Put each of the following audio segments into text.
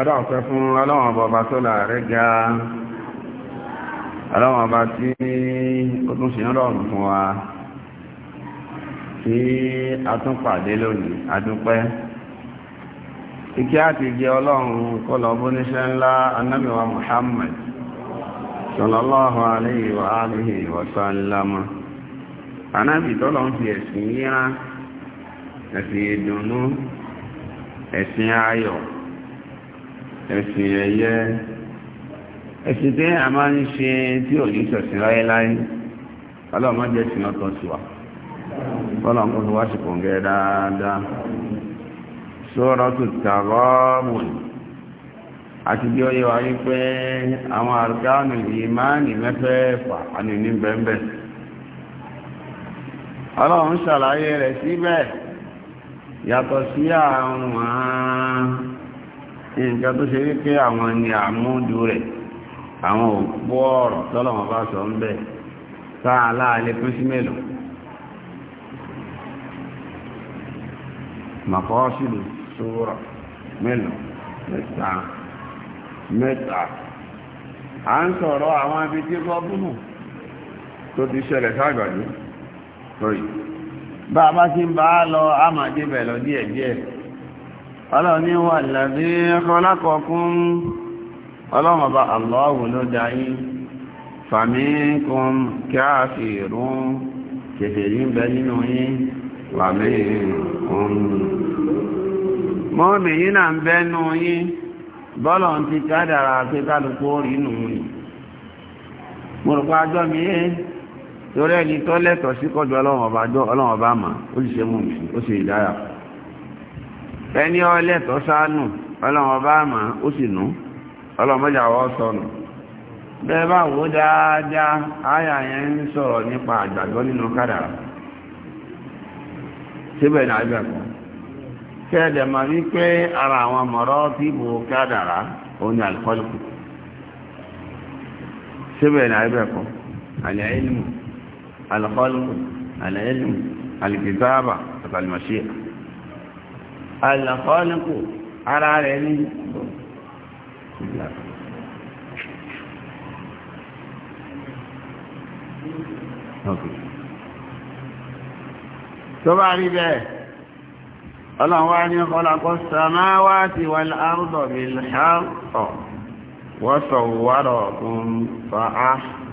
adáwọ̀pẹ́ fún ọlọ́wọ̀n ọba tó láàrẹ́ ga ọlọ́wọ̀n ọba tí ó tún ṣe rọrùn fún wa tí a tún pàdé lónìí adúpẹ́ ìkí àti jẹ ọlọ́run kọlọ̀ ńlá wa alihi ẹ̀sìn ayọ̀ ẹ̀sìn ẹ̀yẹ ẹ̀sìn tí a máa ń ṣe tí ò ní sọ̀sìn láéláé ọlọ́run máa jẹ́ ìsìn ọ̀tọ̀ sí wa ọlọ́run kò fi wá sí kòǹgẹ́ dáadáa Suratu Taghabun àti bí ó yẹ wá wípé àwọn àrùkánù ìmáànì mẹ́fẹ̀ẹ̀fà àni ní bẹ́ẹ̀bẹ́ ọlọ́run ṣàlàyé rẹ̀ síbẹ̀ yàtọ̀ sí àwọn nǹkan tó ṣe wípé àwọn ni àmúdù rẹ̀ àwọn òpó ọ̀rọ̀ tọ́lọ̀wọ̀n bá sọ ń bẹ̀ sáà láàlẹ́ pín sí mélòó màkọ́sílù mẹ́ta mẹ́ta a ń sọ̀rọ̀ àwọn ibi tí kọ́ ti ṣẹlẹ̀ sáàgbàdú bá a bá ti ń bá a ọlọ́ni wà lẹ́bí ọlákọ̀ọ́kún ọlọ́mọba aláwò ló dáyí fàmíkùn káàfìrún kèfèrí ń bẹ nínú yín fàmíkùn mọ́mí yí bẹ nínú yí bọ́lọ̀ ti kádàrà pé kálukú orí nù yìí mọ̀rùpá mi yé torí ẹni tó sí kọjú ọlọ́mọba ó sì ṣe ẹni ọlẹ́ tó sánú ọlọ́wọ́ ó sì nú ọlọ́mọjà wọ́ sọnù bẹ́ẹ̀ bá wò dáadáa àyà yẹn ń sọ̀rọ̀ nípa àgbàgbọ́ nínú kádàrà síbẹ̀ ní àgbẹ̀kọ́ kẹ́ẹ̀dẹ̀ mà ara àwọn mọ̀rọ́ bíbo kádàrà òun ni àlùkọ́lùkù síbẹ̀ ní àgbẹ̀kọ́ àlẹ́ ìlú àlùkọ́lùkù àlẹ́ ìlú àlùkìtáàbà àtàlùmọ̀ṣíà alàkọ́ọ́lẹ́kù ara tó bá rí bẹ́ẹ̀ ọlọ́wọ́ ní ọkọ̀lọ́kọ́ ti wà láàrùdọ̀ bilhaqq wọ́sọ̀wọ́rọ̀ kún fa'á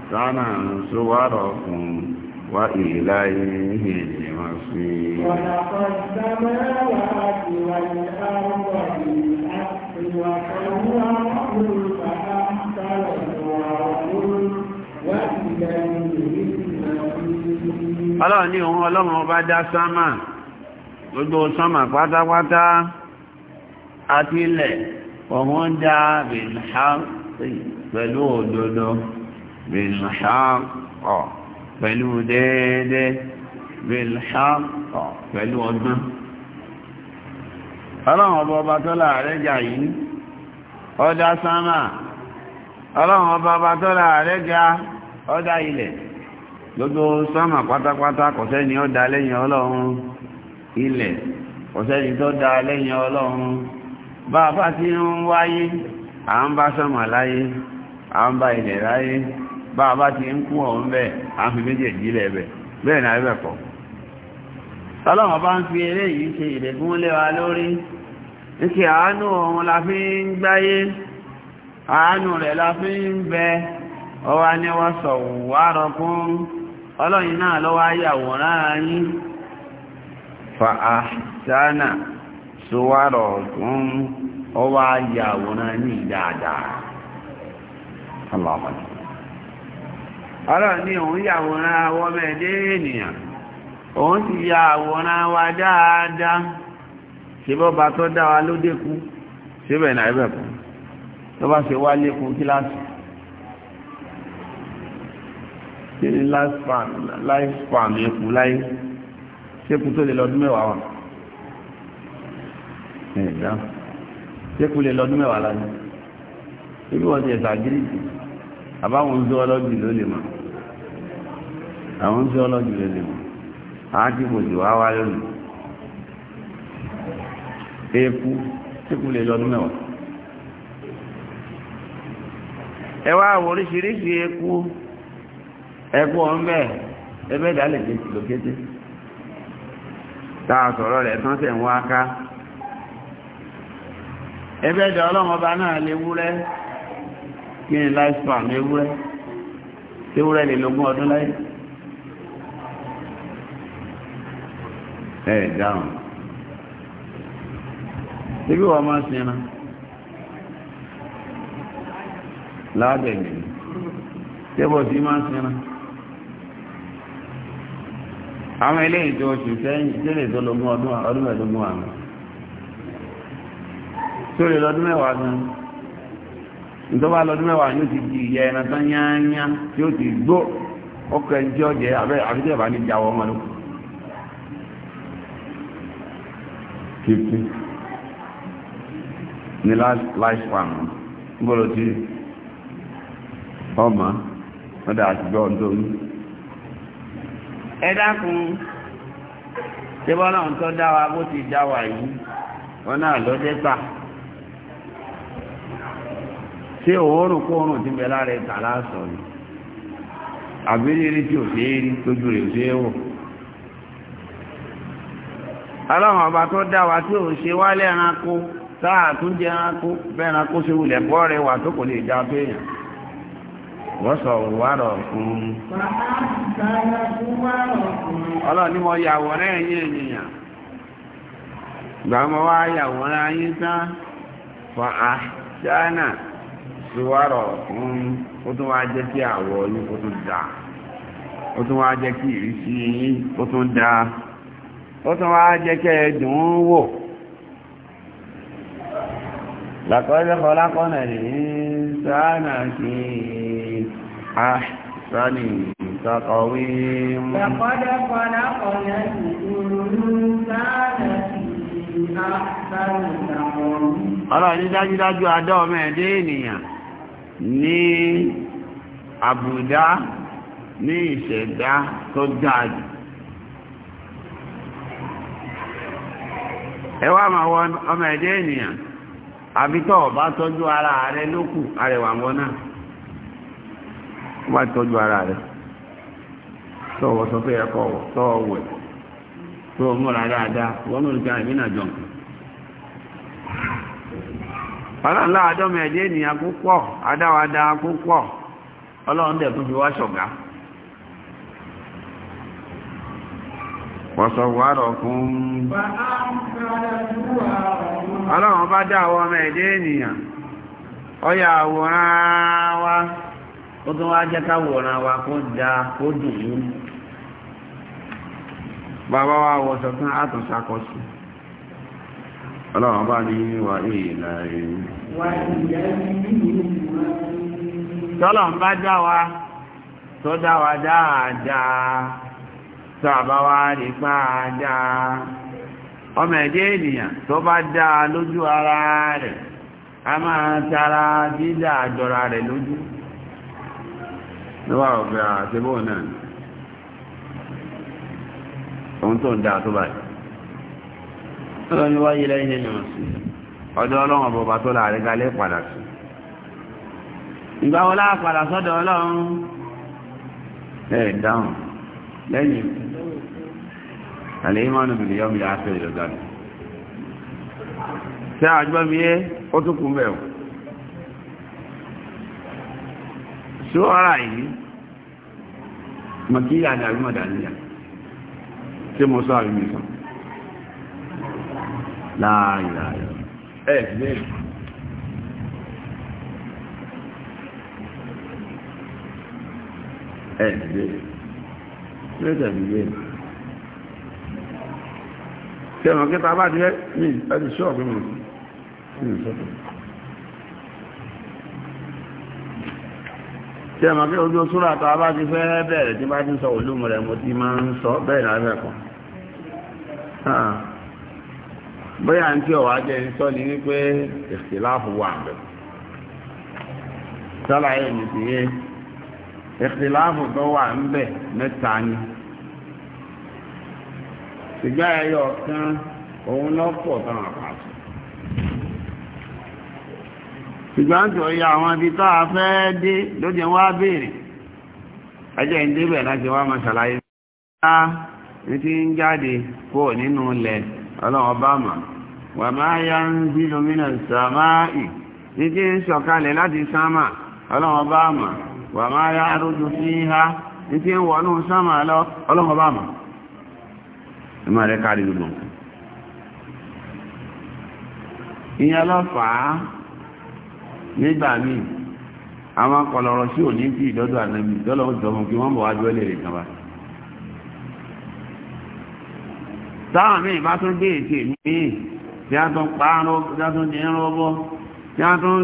sánà sọ́wọ́rọ̀ kún وإليه المصير ولقد السماوات والأرض بالحق وخلقه فأحسن صورهم وإليه المصير Ọlọ́run ní òun ọlọ́run ọba dá sánmà, gbogbo sánmà pátápátá àti ilẹ̀, òun dá bìnhá pẹ̀lú òdodo, bìnhá ọ̀. pẹ̀lú déédéé bilhaqqa pẹ̀lú ọlọ́run ọba ọba tó jà yìí ọdá sánmà ọlọ́run ọba ọba tó jà ọdá ilẹ̀ gbogbo sánmà pátápátá bá a bá ti ń kú ọ̀hún bẹ́ẹ̀ à ń fi méjèèjì lẹ̀ ẹ̀bẹ̀ bẹ́ẹ̀ ni àríwẹ̀ kọ́ bá ń fi eré yìí ṣe wa lórí ìkẹ́ àánú ọ̀hún la fi ń gbáyé àánú rẹ̀ la fi ń bẹ ọwá ọlọ́run ní òun yàwòrán àwọn ọmọ ẹ̀dẹ́ ènìyàn òun sì ya àwòrán wa dáadáa ṣe bọ́ bá tọ́ dá wa ló dékú ṣe bẹ̀ náà ẹ̀bẹ̀ kún tó bá ṣe wá lékún kíláàsì ṣe ní láìspan ẹkù láì ṣékù tó lè lọ́dún mẹ́wàá wà ṣékù lè lọ́dún mẹ́wàá láì ṣékù wọ́n ti ẹ̀sà gírígì àbáwọn zoology ló lè mọ̀ àwọn zoology ló lè mọ̀ àádìbò tí wá wá lónìí eku tíkù lè lọ́dún mẹ́wàá ẹ oríṣiríṣi eku ẹkú ọmọ ẹbẹ ìdálẹ̀ kéjì lókété tá a sọ̀rọ̀ rẹ̀ tán sẹ̀ ń wá ká ẹbẹ̀ ìdá ọlọ́mọba náà kí ni láìsàn àmì ewúrẹ́ tí ewúrẹ́ lè lógún ọdún láyé ẹ̀ dáhùn síbí wọ́n máa sinra láàbẹ̀mí tẹ́bọ̀ sí máa sinra àwọn eléyìí tó oṣù sẹ́yìn tẹ́lẹ̀ tó lógún ọdún mẹ́ẹ̀ẹ́dógún àwọn tó lè lọ́dún mẹ́wàá gan-an ntọ́ba lọ́dún mẹ́wàá yóò ti di ìyá ẹran tán tí ó ti gbó ọkọ̀ ẹni tí abẹ́ ìbá ní ìjáwọ́ ọmọ ló. fifty ní life farm gbọ́dọ̀ tí ọmọ ọ̀dà àtijọ́ ọ̀dọ́ mi. ẹ dákun ń tọ́ dá ṣé òórùn kó òórùn ti bẹ lára tààrà láàsọ ni àbílẹ̀rí tí ò ṣeé rí lójú rẹ̀ ṣe wò aláwọn ọba tó dá tí ò ṣe wálé ẹranko táà tún jẹ ẹranko bẹ́ẹ̀ ẹranko ṣe wulẹ̀ bọ́ rẹ̀ wà tó kò lè já tó èèyàn wọ́n sọ wàrọ̀ fún un mo yàwòrán ẹ̀yìn fi wárọ̀ fún ó tún wá jẹ́ kí àwọ̀ yín kó tún dáa ó tún wá jẹ́ kí ìrísí yín kó tún dáa ó tún wá jẹ́ kí ẹ dùn ún wò làkọ́jọ́ fọlákọ́nà lè sáànà kí a sáànì ìtàkọ̀wé mú. làkọ́jọ́ fọlákọ́nà lè sáànà kí a sáànì ìtàkọ̀wé mú. ọlọ́run dájúdájú adọ́ ọmọ ẹ̀dẹ́ ènìyàn ní àbùdá ní ìṣẹ̀dá tó dáa jù ẹ wá ọmọ ẹ̀dẹ́ ènìyàn ara rẹ lókù arẹwà wọn náà tọ́jú ara rẹ tọ́wọ́ sọ pé ẹ̀kọ́ tọ́wọ́ wẹ̀ tó o dáadáa wọ́n mú ọlọ́nlá àdọ́mọ̀ ẹ̀dẹ́ ènìyàn púpọ̀ adáwadá púpọ̀ ọlọ́run dẹ̀ fi wá ṣọ̀gá fún ọlọ́run bá dáwọ́ ọmọ ẹ̀dẹ́ ènìyàn ọya àwòrán wa ó tún wá jẹ́ káwòrán kó kó dùn bàbá wa ọlọ́run bá ní wà ní ìlà Tọ́lọ̀ ń bá dá wa tó dá wa dáadáa tó àbá wa rí pàádáa ọmọ ẹ̀dẹ́ ènìyàn tó bá dáa lójú ara rẹ̀ a máa tara dídá àjọra rẹ̀ lójú níwà ọ̀fẹ́ àtẹ́bọ̀ náà ohun tó ń dá tó báyìí ọlọ́ni wáyé lẹ́yìn ẹni ọ̀sìn ọ̀dọ̀ ọlọ́run ọ̀bọ̀bà tó láàrin galẹ́ padà sí ìgbà wọn sọ́dọ̀ ọlọ́run ẹ̀ dáhùn lẹ́yìn àlèémọ́nù bìlì yọ́mù tí mo láàyè ẹ̀ẹ́dẹ́ ẹ̀ẹ́dẹ́ ẹ̀ẹ́dẹ́ tẹ́wọ̀n kẹta bá ti rẹ̀ ní ẹni ṣọ́ọ̀bí mọ̀ sí ìṣọ́tọ̀ tẹ́wọ̀n kí ojú súnra tọ́ bá ti fẹ́ bẹ̀rẹ̀ tí bá ti sọ olúmọ̀ rẹ̀ mo ti máa ń sọ bẹ́ẹ̀ lábẹ́ kan bóyá ń tí ọ̀wá jẹ́ sọ wípé ìṣìláàfù wà bẹ̀. sálàyé mi sì yé tó wà ń mẹ́ta ni. ẹyọ kan òun lọ pọ̀ tán àpàtì. ṣùgbọ́n tó yẹ àwọn ibi tá a fẹ́ dé lóde wá béèrè. láti ọlọ́wọ́ bá mà wà máa yá ń bí lómìnà sàmáì títí ń sọ̀kalẹ̀ láti sámà wà máa sí ha títí ń wọnú sámà ọlọ́wọ́ bá mà rẹ̀ kárí gbogbo ìyẹn nígbà míì àwọn sí táwọn míì bá tún gbé ètè míì tí a tún pààrọ̀ tí a tún dín rọ́bọ́ tí a tún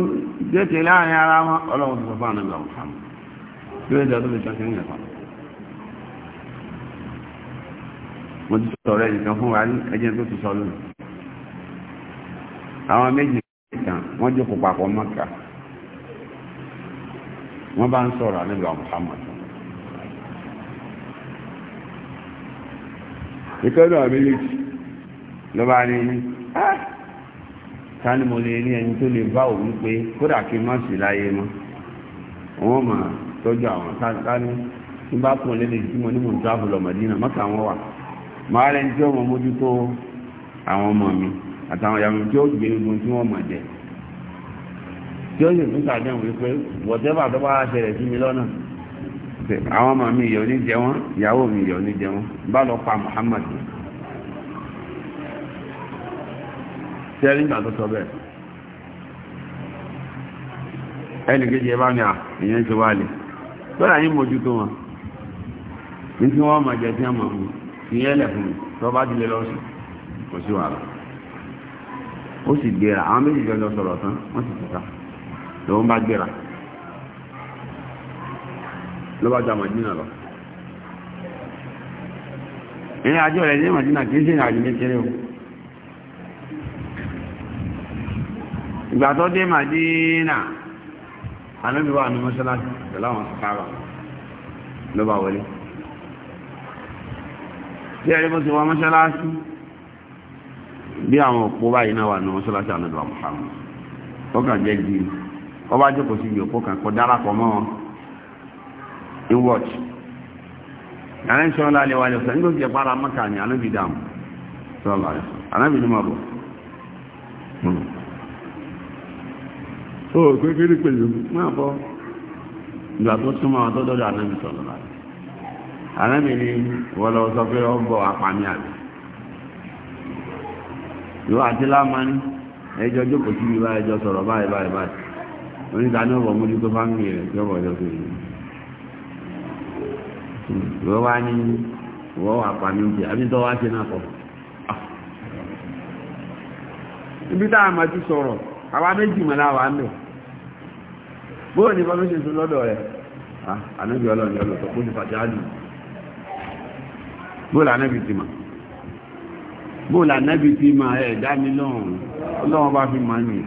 gbèsè láàrin ara wọn ọlọ́run ti sọ fún àwọn tí ó ń ọdún lè ṣọṣẹ́ ní ẹjẹ́ ìkẹ́lú àmìlẹ́jì ló bá ní ká ní mo lè rí ẹni tó lè bá òun pé kódà kí má sí láyé mọ́ wọ́n mà tọ́jú àwọn káàkiri tí bá kún lé lè jímọ̀ ní mo tó àbúlọ Mẹdínà mọ́ta wọn wà máa rẹ̀ tí ó mọ mójútó àwọn ọmọ mi àtàwọn ìyàwó tí ó gbé egun tí wọ́n mọ̀ jẹ tí ó sì tún sàdéhùn wípé wọ̀tẹ́bà tó bá ṣẹlẹ̀ sí mi lọ́nà àwọn ọmọ mi ìyọ̀ ní jẹ wọ́n ìyàwó mi ìyọ̀ ní jẹ wọ́n bá lọ pa Muhammad tẹ́rí ìgbà tó sọ bẹ́ẹ̀ ẹnì kejì ẹ bá ní à ìyẹn ti wálé lọ́la yín mójútó wọn ní tí wọ́n máa jẹ tí wọ́n máa mú ìyẹn lẹ̀ fún mi tó bá dilé lọ́sùn kò sí wàhálà ó sì gbéra àwọn méjì jọ sọ̀rọ̀ tán wọ́n sì ti ta lòun bá gbéra ló bá gba màdínà lọ ìrìn àjò rẹ̀ ní màdínà kìí sí ìrìn àjò kékeré o ìgbà tó dé màdínà anábíwá ní mọ́ṣáláṣí pẹ̀lú àwọn sàkárà ló bá wọlé bí ẹ̀rí bó ti wọ mọ́ṣáláṣí bí àwọn òpó báyìí náà wà ní mọ́ṣáláṣí anábíwá Muhammad ó kàn jẹ́ gbìyànjú ọba jókòó sí ìyókò kan kọ dára pọ̀ mọ́ wọn watch. iwọ́ọ̀tì àrẹ́n sọ́rọ̀ láàrin wà lẹ́sọ̀ nígbà tí ẹ̀pára mọ́ta ni anábì dáàmù sọ́rọ̀ láàrin anábì ní mọ́ bọ̀ hmm. ó kékeré pẹ̀lú máa bọ́ ìgbà tó súnmọ́ àwọn tó dọ́dọ̀ anábì sọ̀rọ̀ láàrin anábì ní wọ́n lọ sọ pé ó bọ̀ apami àbí ìwọ àti lámání ẹjọ́ jókòó síbi báyìí ẹjọ́ sọ̀rọ̀ báyìí báyìí báyìí oníta ní ọ̀bọ̀ mójútó fáńgì rẹ̀ tí ọ̀bọ̀ ọjọ́ tó yìí wọ́n wá ní wọ́n wà pa mí oúnjẹ àbí tó wá ṣe náà kọ́. Ah. ibi tá a máa ti sọ̀rọ̀ àwa méjì mọ̀ láwa ń bẹ̀ bóyá ní bọ́lá ṣe tún lọ́dọ̀ rẹ̀ ah, ànábì ọlọ́run yọ lọ́tọ̀ kó ti fàjá lù bóyá ànábì ti mọ̀ bóyá ànábì ti mọ̀ ẹ̀ dá mi lọ́rùn ọlọ́run bá fi mọ̀ ní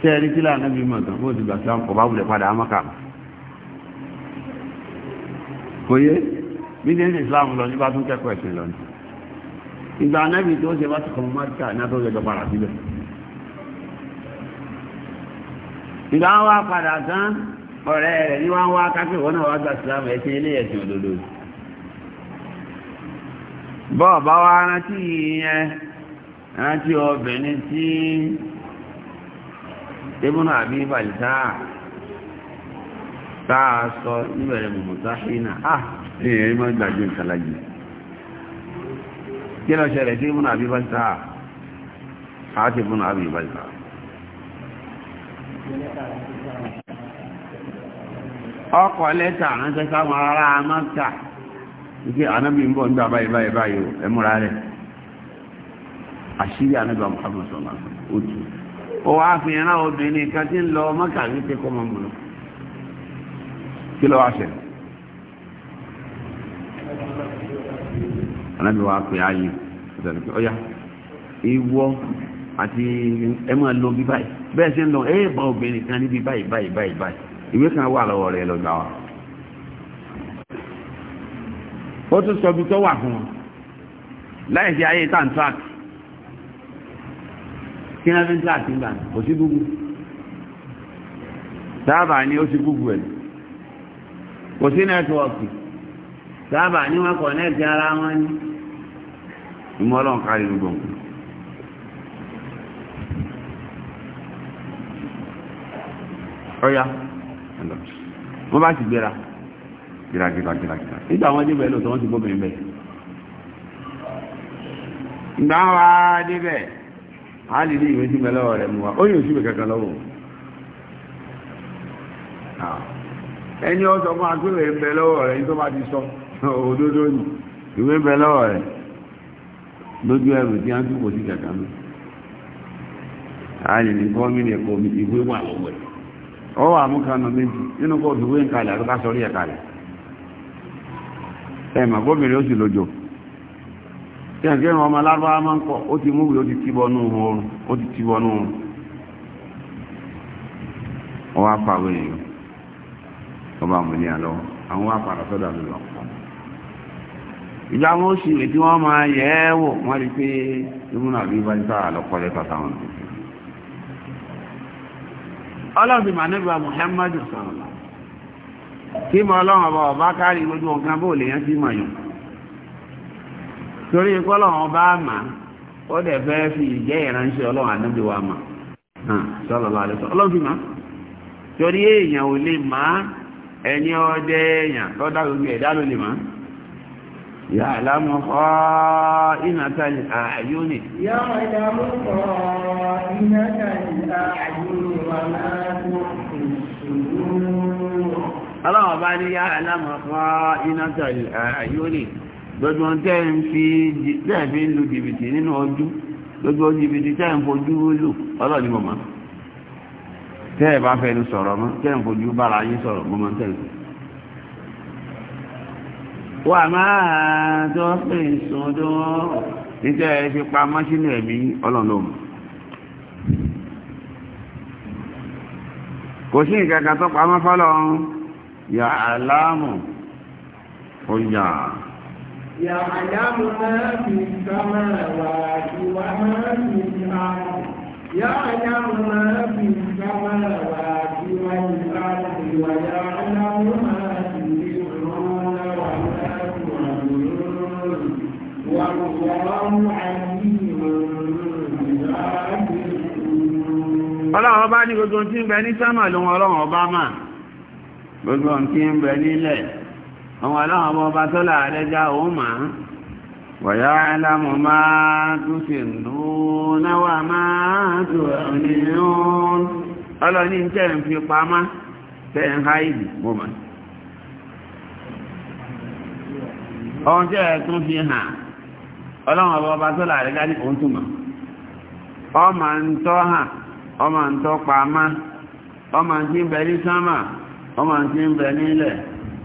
tẹ́ẹ̀rí kí láàánábì mọ̀ tán bó ti gbà sí àwọn kọ̀ kò yé mídíẹ̀sì islam lọ ní bá tún kẹ́kọ̀ọ́ ẹ̀sìn lọ ní ìgbà anẹ́bì tó ṣe bá ti kọ̀ mọ́ríkà ní àtọ́ ìjọba padà síbẹ̀ ìgbà wọn wá padà tán ọ̀rẹ́ rẹ̀ ní wọ́n wá kápẹ́ ìwọ́n náà wá gba islam ẹ̀sìn ilé ẹ̀sìn òdodo bọ́ọ̀ bá wá rántí yẹn rántí obìnrin tí ibùnà àbí balùtáà táa sọ níbẹ̀rẹ̀ mọ̀mọ̀tá ṣínà ah èèyàn mọ́ gbàgbé nǹkan láyé kí lọ ṣẹlẹ̀ sí múnà àbí báṣá àti múnà àbí báṣá ọkọ̀ lẹ́tà ránṣẹ́ sáwọn ará amáta wípé anábì ń bọ̀ ń gbà báyìí báyìí báyìí ẹ rẹ̀ kí ló wá ṣẹlẹ̀ alábi wa pè ayé ìtàlẹ̀ pé ọ̀yá ìwọ àti ẹ máa lọ bí báyìí bẹ́ẹ̀ ṣe ń lọ ẹ bá obìnrin kan níbi báyìí báyìí báyìí báyìí ìwé kan wà lọ́wọ́ rẹ̀ lọ́gbà wa ó tún sọ bí tó wà fún wọn láì sí ayé tàn track kí náà fi ń track nígbà kò sí gúgú sábà ni ó sì gúgú ẹ̀ kò sí nẹ́tíwọ́ọ̀kì sábà ní wọ́n kọ̀nẹ́ẹ̀tì ara wọn ní ìmọ̀lọ́n kárí gbogbo nǹkan. ọ̀ya wọ́n bá gbéra nígbà wọn débẹ̀ lóòótọ́ ti gbóbìnrin ìgbà débẹ̀ lè ní ìwé lọ́wọ́ rẹ̀ ẹni ọsọ ma agbèrè ń bẹ lọ́wọ́ rẹ̀ tó bá ti sọ òdodo a ń túbọ̀ sí kàkà mi ẹ̀kọ́ mi ọ wà mú méjì nínú kó ìwé ń kalẹ̀ àti ẹ̀ mà ó sì tí a ń kẹ́rin ọmọ alárúbáwá máa ń kọ́ ti mú ìwé ó ti ti nù ọba àmúlé àlọ́ àwọn wá padà sọ́dọ̀ àlùlọ́ ìgbà wọn ó sì rè tí wọ́n máa yẹ ẹ́ wò wọ́n rí pé ìmúnà àbí bá ń sára lọ kọ́lé tàtà wọn tó ọlọ́dún mànẹ́bà Muhammadu sọ̀rọ̀lá kí mọ ọlọ́run ọba ọba kárí gbogbo nǹkan bó lè yẹn sí mọ̀yàn torí kọ́lọ́run ọba àmà ó dẹ̀ fẹ́ fi ìjẹ́ ìránṣẹ́ ọlọ́run ànábì wa mà sọ̀rọ̀lá ọlọ́run fi mà torí èèyàn ò lè máa ẹni ọdẹ èèyàn tó dá gbogbo ẹ̀dá ló lè yà lámù kọ́ ìnàtàlì ààyónì yà lámù ọlọ́wọ̀ bá ní yà lámù kọ́ ìnàtàlì ààyónì gbogbo tẹ́ ń fi fi ń lu jìbìtì nínú gbogbo jìbìtì tẹ́ ń fojú lù tẹ́ ẹ̀ bá fẹ́nu sọ̀rọ̀ mọ́ tẹ́ ẹ̀ fojú bára yín sọ̀rọ̀ mọ́ máa ń tẹ̀lé. wà máa tó pè sódó nítorí ẹ fi pa mọ́sínú ẹ̀mí ọlọ́run òun. kò sí nǹkan kan tó pamọ́ fọlọ́run yà á láàmù ó yà á. يعلم ما في السماوات وما في الأرض يعلم ما في السماوات والأرض ويعلم ما تسرون وما تعلمون والله عليم ọlọ́run ọba ní gbogbo tí ń bẹ ní ló wọn ọlọ́run ọba gbogbo tí ń bẹ nílẹ̀ ọlọ́run ọba tó òun ويعلم ما تسرون وما تعلنون ọlọ́ni tẹ́ ń fi pamá tẹ́ ń ha ìdì mọ́mà ọ̀n tẹ́ ẹ̀tún fi hàn ọlọ́run ọba ọba tó láàrin gání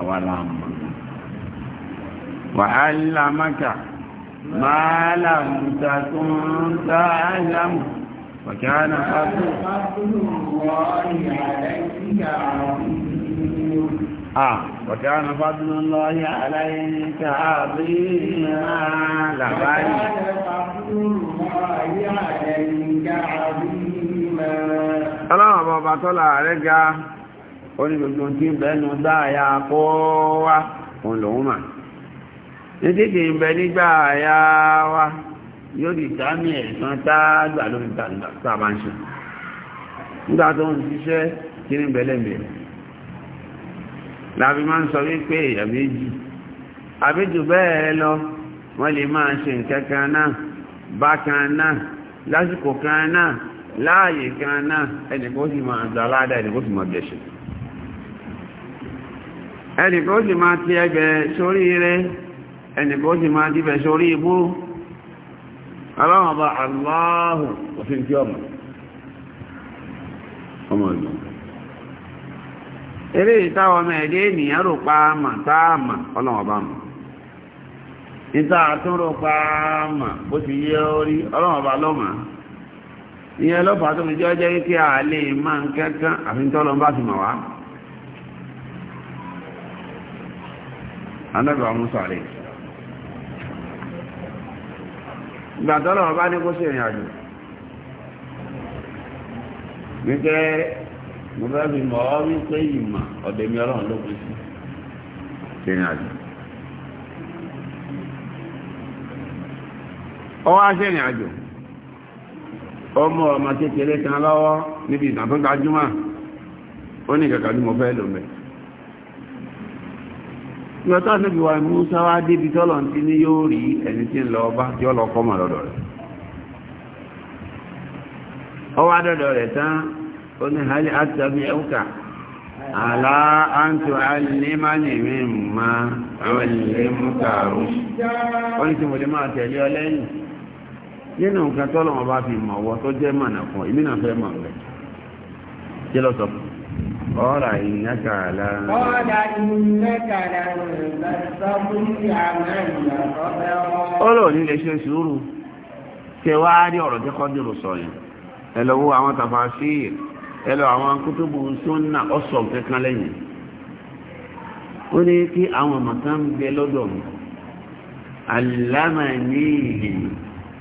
àwa la mọ̀ wàhálà mákà máa làmùtà tó ń tá àìlàmù وكان فضل آه وكان فضل الله عليك عظيما لبيك الله بابا عليك ó ní gbogbo tí ń bẹ́nu dáàyà kó wá òun lòun mà ní títí ń bẹ nígbà àyà wa yóò di tàmí ẹ̀sán tágbà lórí tàbá ń ṣe nígbà tó ń ṣiṣẹ́ kí ní bẹ̀lẹ̀mẹ̀rẹ̀ láàbí máa ń sọ wípé èèyàn méjì àbíjù bẹ́ẹ̀ lọ wọ́n lè máa ṣe nǹkan kan náà bákan náà lásìkò kan náà láàyè kan náà ẹnìkó sì máa gbà ládàá ẹnìkó sì máa gbẹ̀ṣẹ̀ ẹnìkan ó sì máa ti ẹgbẹ̀ sórí ire ẹnìkan sì máa ti bẹ̀ sórí ibú aláwọ̀bá aláhù òfin tí ọmọ ọmọ ìlú eré ìtawọ̀ ọmọ ẹ̀dẹ́ ènìyàn rò pa àmà táàmà ọlọ́wọ̀bá mọ̀ ìta àtúnrò pa àmà bó ti yẹ orí ọlọ́wọ̀bá lọ́mà ìyẹn lọ́pàá tó mi jẹ́ jẹ́ kí a lè máa anábì wa Musa rẹ̀ gbàtọ́lọ̀ ọba ní kó sí ìrìn àjò wípé mo fẹ́ fi mọ̀ ọ́ wípé ìmọ̀ ọ̀dẹ̀mí ọlọ́run ló pín sí ìrìn àjò ọwọ́ aṣẹ́ ìrìn àjò ọmọ ọmọ kékeré kan lọ́wọ́ níbi ìtàn tó gbajúmọ̀ ó ní kàkàdúmọ̀ fẹ́ lòmẹ́ ìyọ̀tọ́ níbi wa Musa wá débi tọ́lọ̀ tí ní yóò rí ẹni tí ń lọ bá tí ó lọ kọ́mọ̀ lọ́dọ̀ rẹ̀ ó wá dọ̀dọ̀ rẹ̀ tán ó ní hali àtàbí ẹ̀wùkà àlá àǹtò alìmánì mi ma àwọn ilé mú kààrù ó ní قال إنك على قال إنك لن تستطيع معي صبرا قالوا لي ليش يسوروا tẹwàárí ọ̀rọ̀ tí kọ́dìrò sọ yẹn ẹ lọ wo àwọn tàfàṣíì ẹ lọ àwọn kútùbù sọ́nà ọ̀sọ̀ kankan lẹ́yìn ó ní kí àwọn màkà ń bẹ lọ́dọ̀ mi alámàníìlì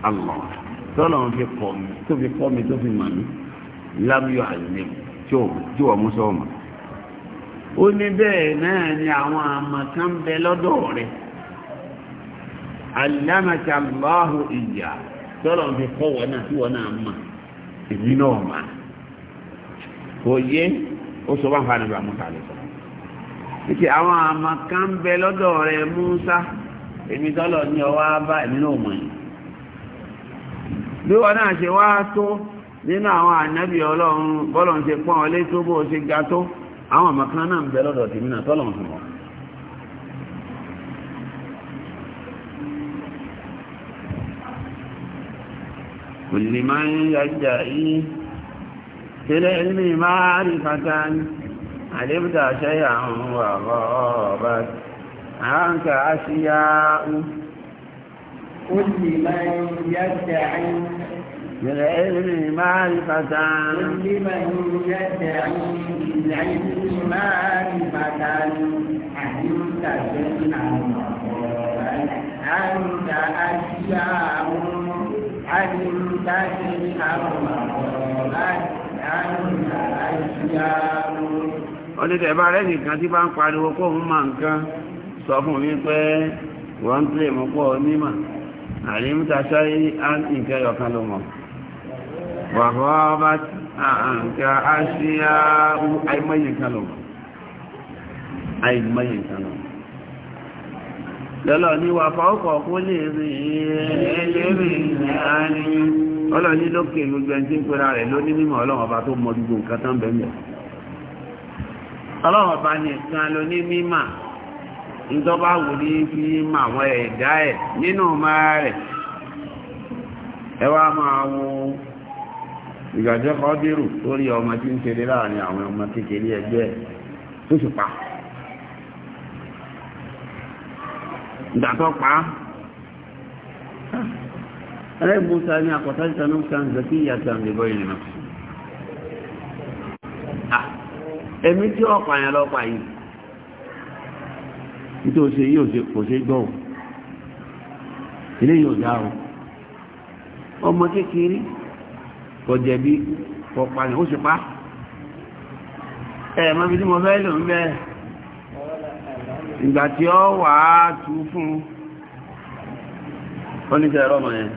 àlọ́ tọ́lọ̀ fi kọ́ mi fi kọ́ mi tó fi mà mí lábíyọ̀ àlẹ́ tí wọ́n mú sọ́ọ̀mù ó ní bẹ́ẹ̀ náà ni àwọn àmà kan bẹ lọ́dọ̀ rẹ̀ alámàkà lọ́hùn ìyà tọ́lọ̀ fi kọ́ wọn náà tí wọ́n náà mà èmi náà mà kò yé ó sọ títí àwọn bẹ nínú àwọn ànábì ọlọ́run bọ́lọ̀n ṣe pọ́n ọlé tó bó ṣe ga tó àwọn ọmọkan náà ń bẹ lọ́dọ̀ tèmi náà tọ́lọ̀n fún wọn máa ń yájá yìí tẹ́lẹ̀ fata بالعلم معرفة لمن يدعي بالعلم معرفة أنت سنة أنت أشياء أنت سنة أنت أشياء onídẹ̀ bá rẹ̀ nìkan tí bá ń pariwo kó ń máa nǹkan sọ fún mi pé wọ́n ń pè mú pọ̀ onímọ̀ nǹkan ẹ̀yọ̀kan ló mọ̀ وغابت عنك wà fọ́ọ̀kọ̀ kó lè rí lókè gbogbo ẹni tí ń rẹ̀ lóní mímọ̀ ọlọ́run ọba tó mọ gbogbo nǹkan tán bẹ̀mẹ̀ ọlọ́run ọba nìkan ló ní mímọ̀ ìjọba wò ní fi mọ̀ àwọn ẹ̀dá ẹ̀ nínú máa rẹ̀ ẹ wá máa wo ìgbàjọ́ kan dérò lórí ọmọ tí ń ṣeré láàrin àwọn ọmọ kékeré ẹgbẹ́ tó sì pa ìdàtọ̀ pa ní àkọ́tàjìta ló ń sa kí ìyàtà ń ìrìnà ẹ̀mí tí ọ̀pá yẹn lọ́pàá yìí nítorí ṣe yíò kò ṣe gbọ́ ilé yóò dá o ọmọ kékeré kò jẹ̀bi kò ó sì pa ẹ̀ mọ́ tí mo fẹ́ lò ń bẹ́ ìgbà tí ó wà á tú fún ó ní kẹrọ ọmọ yẹn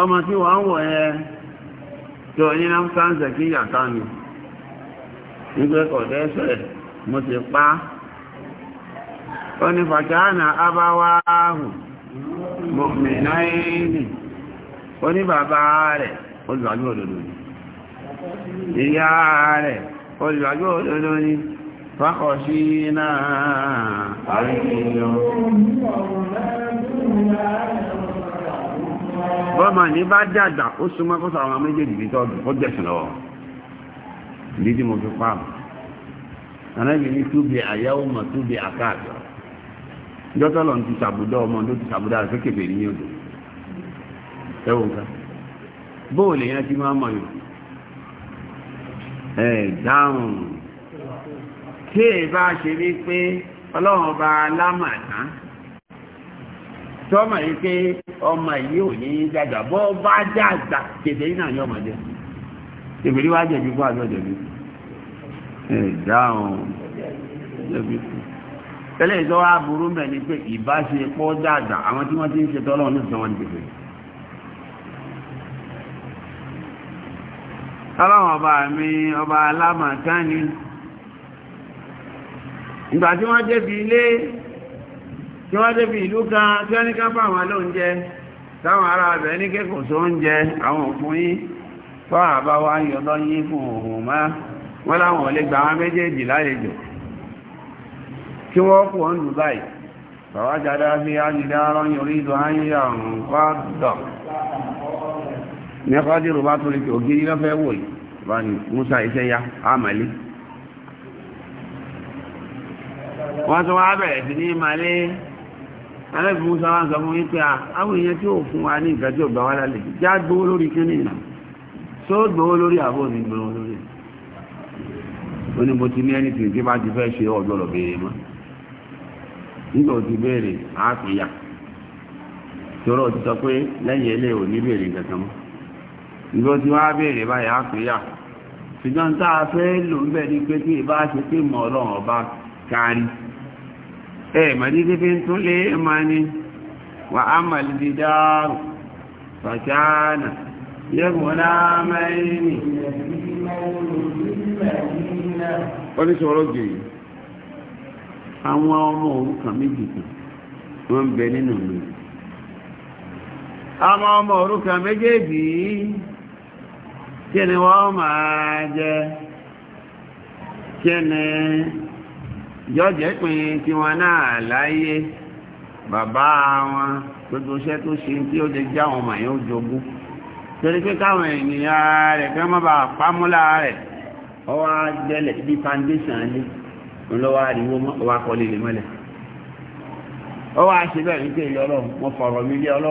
ọmọ tí wọ́n ń wọ̀ yẹn tó yí náà ń kí yàtá mi nígbẹ́ kọ̀dẹ́sẹ̀ mo ti pa ó ní ó ní bàbá rẹ̀ olùwàjú òdòdó ni ìyá rẹ̀ olùwàjú òdòdó ni fákọ̀sí náà àríkìlọ bọ́mà ní bá dàgbà ó súnmọ́ kó sàwọn méjèèjì bí tọ́jú ó jẹ̀sùn lọ́wọ́ bí mo fi ní mọ̀ jọ́tọ́lọ̀ ti sàbùdọ́ ọmọ ti ní ẹwọ nǹkan bóò lè ti máa mọ̀ yìí ẹ̀ dáhùn tí è bá ṣe rí pé ọlọ́run ọba alámàdá tọ́mọ̀ yìí pé ọmọ yìí ò ní dàgbà bọ́ bá dàgbà kèdè yìí ní ọmọdé tèbèrè wá jẹ̀bi fún àjọ ẹ̀ dáhùn fún mẹ́ni pé ìbáṣepọ̀ dàgbà àwọn tí wọ́n ti ń ṣe tọ́lọ́run ní ọlọ́run ọba mi ọba alámàgán ni ìgbà tí wọ́n débi ilé tí wọ́n débi ìlú kan tí wọ́n ní ká fún alóúnjẹ táwọn ará abẹ ní kẹ́kọ̀ọ́ tó ń jẹ àwọn òfin yín fún àbáwá yọlọ yín fún òun má wọ́n láwọn gba méjèèjì kí wọ́n kú ní kọ́dírù bá le lè ogiri na lọ́fẹ́ wò musa iṣẹ́ ya àmàlé wọ́n tún wá bẹ̀rẹ̀ sí ní musa wá sọ fún wípé àwọn èèyàn tí ò fún wa ní ìgbà tí ò gbà wá lálẹ́ já gbowó lórí kíní ìnà tó gbowó lórí àbò ní gbowó lórí ó ní mo ti ní ẹni tìǹtì bá ti fẹ́ ya ti sọ pé lẹ́yìn ò ìlọ tí wọ́n á béèrè báyìí á pè yà ṣùgbọ́n tá a fẹ́ lò ń bẹ̀ ní pé tí ìbá ṣe pé mọ̀ ọlọ́run ọba kárí ẹ fi ń tún lé e ma ní wà á màlì dáàrù fàṣánà yẹ́gùn ní àwọn ọmọ wọ́n ń bẹ àwọn ọmọ òrukàn méjèèjì kí ni wọ́n máa jẹ kí ni yọ́jẹ́ pin tí wọ́n náà láyé bàbá wọn gbogbo iṣẹ́ tó ṣe tí ó wọn yóò jogún torí pé káwọn ènìyàn rẹ̀ kí wọ́n bá rẹ̀ ọwá foundation ní bẹ́ẹ̀ ní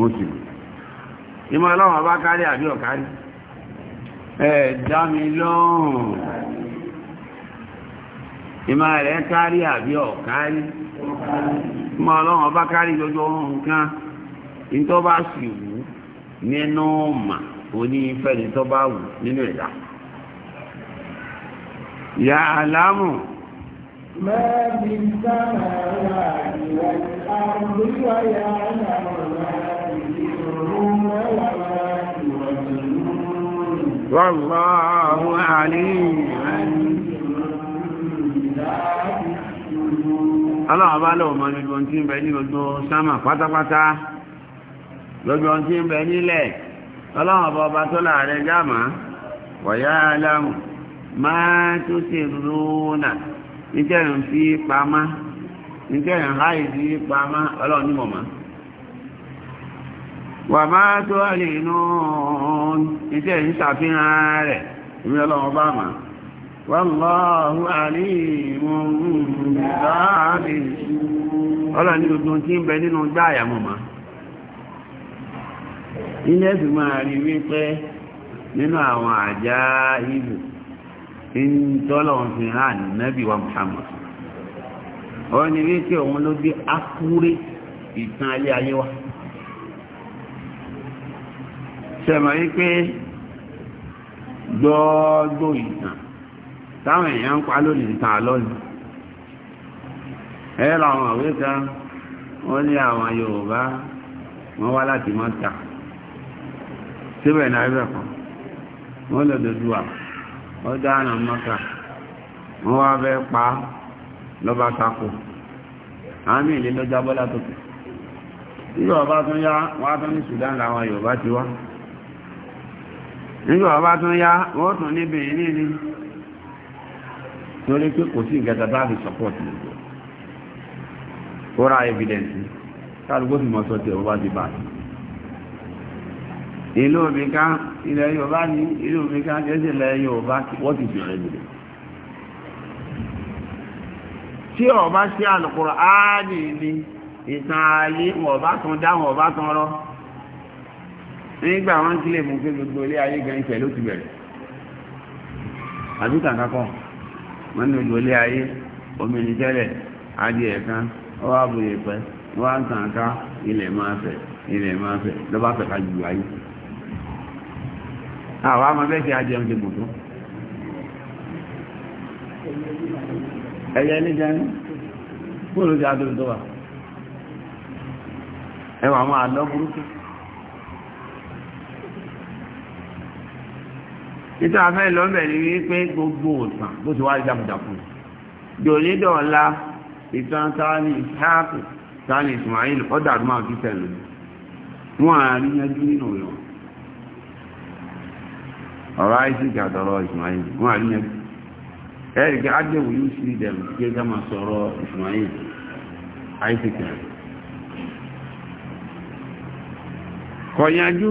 wọ́n ti wù ìmọ̀ ọlọ́run ọba kárí àbí ọ̀kárí ẹ̀ lọ́rùn ìmọ̀ rẹ̀ kárí àbí ọ̀kárí ìmọ̀ ọlọ́run ọba kárí lójú ọrùn kan ìtọ́ bá sì wù nínú ọ̀mà onífẹ́ni wù nínú ẹ̀dá ya alamu والله عليما aláwọ̀ bá lọ́wọ́ mọ́ gbogbo tí ń bẹ ní gbogbo pátápátá gbogbo tí ń bẹ nílẹ̀ ọlọ́wọ̀ bá ọba tó láàrẹ jáàmá wọ̀yá aláàmù máa tó wà máa tó àlè inú iṣẹ́ ń ṣàfihàn rẹ̀ ìmí ọlọ́wọ́ bá mà wàláhù àlímọ̀ dáàbì ọlọ́ni gbogbo tí ń bẹ nínú gbáàyà mọ̀ mà ilé ẹ̀sùn máa rí wípé nínú àwọn àjá ìlú ń nẹ́bí wa Muhammad ọ ni wípé òun ló bí akúrẹ́ ìtàn ayé ayé wa. sẹ́mọ̀ yí pé gbọ́ọ́gbò ìtàn táwọn èèyàn ń pa lónìí ìtàn àlọ́nì ẹ làwọn òwe kan wọ́n ní àwọn Yorùbá wọ́n wá láti Mọ́kà síbẹ̀ náà ẹgbẹ́ kan wọ́n lọ dojú à wọ́n dáná Mọ́kà wọ́n wá fẹ́ pa lọ́ba tako àmì ìlélọ́jà tó kù tí Yorùbá tún yá wọ́n á tún ní Sudan làwọn Yorùbá ti wá. nígbà wọ́n tún yá wọ́n tún níbi ìní ni torí pé kò sí ìgbẹ́ta bá fi support nìgbò oral evidence kálukó sì mọ́ sọ tí ọba ti bá ìlú òmìnká ilẹ̀ Yorùbá ní ìlú òmìnká jẹ́sẹ̀ ilẹ̀ Yorùbá wọ́n ti fi evidence tí ọba sí àlùkùránì ní ìtàn ayé wọ́n bá tún dá wọ́n tún rọ́ nígbà wọn kí lè mú pé gbogbo ilé ayé gan ìfẹ́ ló ti bẹ̀rẹ̀ àbí kàkà kọ wọn ní gbogbo ilé ayé omi ní tẹ́lẹ̀ adìẹ kan ó wá bu ìpẹ́ ó wá ń tàn ká ilẹ̀ máa fẹ̀ ilẹ̀ máa fẹ̀ ló bá fẹ̀ ká jù ayé àwọn ọmọ bẹ́ẹ̀ ti ajẹun ti bùtú ẹ̀yẹ ní jẹun kúrò ní adùn tó wà ẹwà àwọn burúkú. títí àwọn afẹ́ lọ́mọ̀ ní wípé gbogbo òsàn bó ti wá jàmùjàmù dòní dọ̀la ìtàn tani ìsáàkù tani Ismail ọ̀dà àdúmọ̀ àti tẹ̀lé wọn àárín yanjú nínú ìwọ̀n ọ̀rọ̀ Isaac àtọ̀rọ̀ Ismail wọn àárín yanjú ẹ̀rì kí adéwò yóò sí ìdẹ̀rù kí ẹ máa sọ̀rọ̀ Ismail Isaac kọ̀yanjú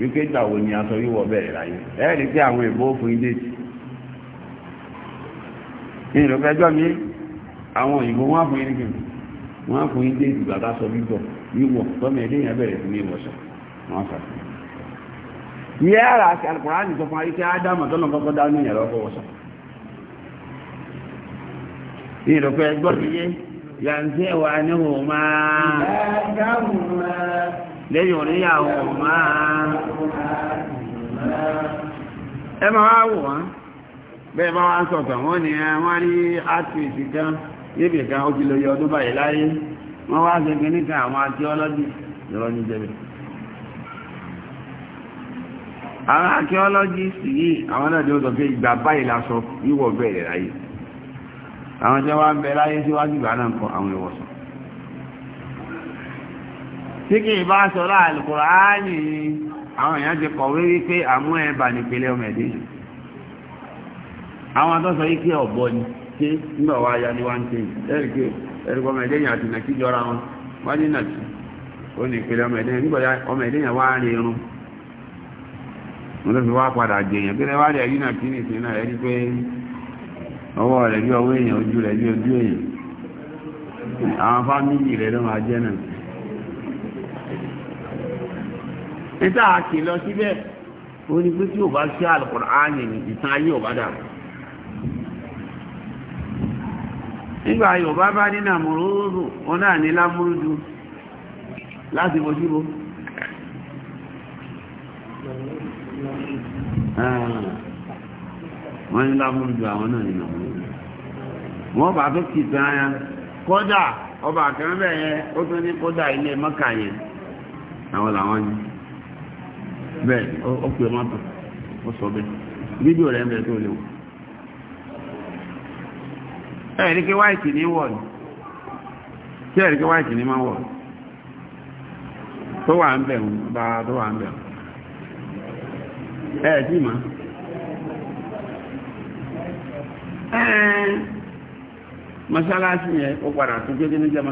wípé ìgbà wo ni aṣọ wíwọ̀ bẹ̀rẹ̀ láyé ẹ̀rí pé àwọn èbó fún ilé tí ní ìrọ̀fẹ́jọ́ mi àwọn òyìnbó wọ́n fún ilé kìí wọ́n sọ wíwọ̀ wíwọ̀ ilé yẹn bẹ̀rẹ̀ ara fún ayíkẹ́ ádámù lẹ́yìn oníyàwó máa ẹ máa wá wò wọ́n bẹ́ẹ̀ bá wá sọ̀tọ̀ wọ́n ni wọ́n rí artist kan níbi kan ó ti lóye ọdún báyìí láyé wọ́n wá àwọn àti ọlọ́dì ní jẹ́bẹ̀ àwọn sì àwọn náà ìgbà báyìí lásọ wíwọ̀ láyé àwọn tí wọ́n bẹ Tiki kì í bá sọ̀rọ̀ àwọn èèyàn ti kọ̀wé wípé àmú ẹ̀bà nípínlẹ̀ ọmọdé àwọn sọ wípé ni ké nígbà wá ya ni wọ́n ń ké ẹ̀ríkẹ́ ọmọdé yẹn àti nàkí jọra wọn wọ́n ní nàkí ó ní ìpínlẹ̀ ọmọdé yẹn nígbà ọmọdé yẹn wá rí irun wọ́n tó fi wá padà jẹyàn pé wá rí ẹ̀rí nàkí ní níta àti lọ síbẹ̀ ó ní pé tí ò bá sí àlùkùránì ní ìtàn ayé ọba bá dà nígbà yorùbá bá ní nàmúrúdù ó náà ní lámúrúdù láti bọ́ síbò ah. wọ́n ní na àwọn náà ní nàmúrúdù wọ́n bá ọba àkẹ́rẹ́bẹ̀ yẹn ó tún ní ilé bẹ́ẹ̀ ó pè mọ́tò ó sọ bẹ́ẹ̀ fídíò rẹ̀ ń bẹ tó léwu ẹ̀rí kí wáìtì ní wọ̀ ní tí ẹ̀rí kí wáìtì ní máa wọ̀ tó wà ń bẹ̀rún bá tó wà ń bẹ̀rún ẹ̀ tí ma ẹ̀ẹ́n masalasi yẹn ó padà tó ní jẹ́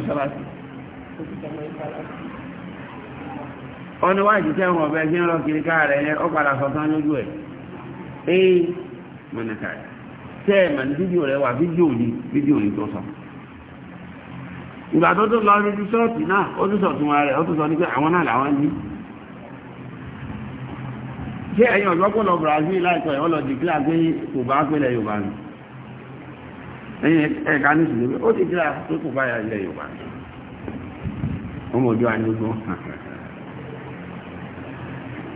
ọni wá ìjíṣẹ́ wọn ọ̀bẹ ṣe ń lọ kiri káà rẹ̀ ó padà sọ̀tán lójú ẹ̀ ee mọ̀nìkà tẹ́ ẹ̀ mọ̀nì fídíò rẹ̀ wà fídíò ní fídíò ní tó sọ. ìgbà tó tó lọ ní ṣọ́ọ̀tì náà ó tún sọ tún wa rẹ̀ ó tún sọ ní pé àwọn náà làwọn ní. ṣé ẹ̀yin ọ̀dọ́ kò lọ Brazil láìpẹ́ ẹ̀ wọ́n lọ dìgbà pé kò bá pẹ́lẹ̀ Yorùbá ni. ẹ̀yin ẹ̀ka ní sùlẹ̀ ó dìgbà tó kò bá ilẹ̀ Yorùbá ni. ọmọ òjò àyè ó gbọ́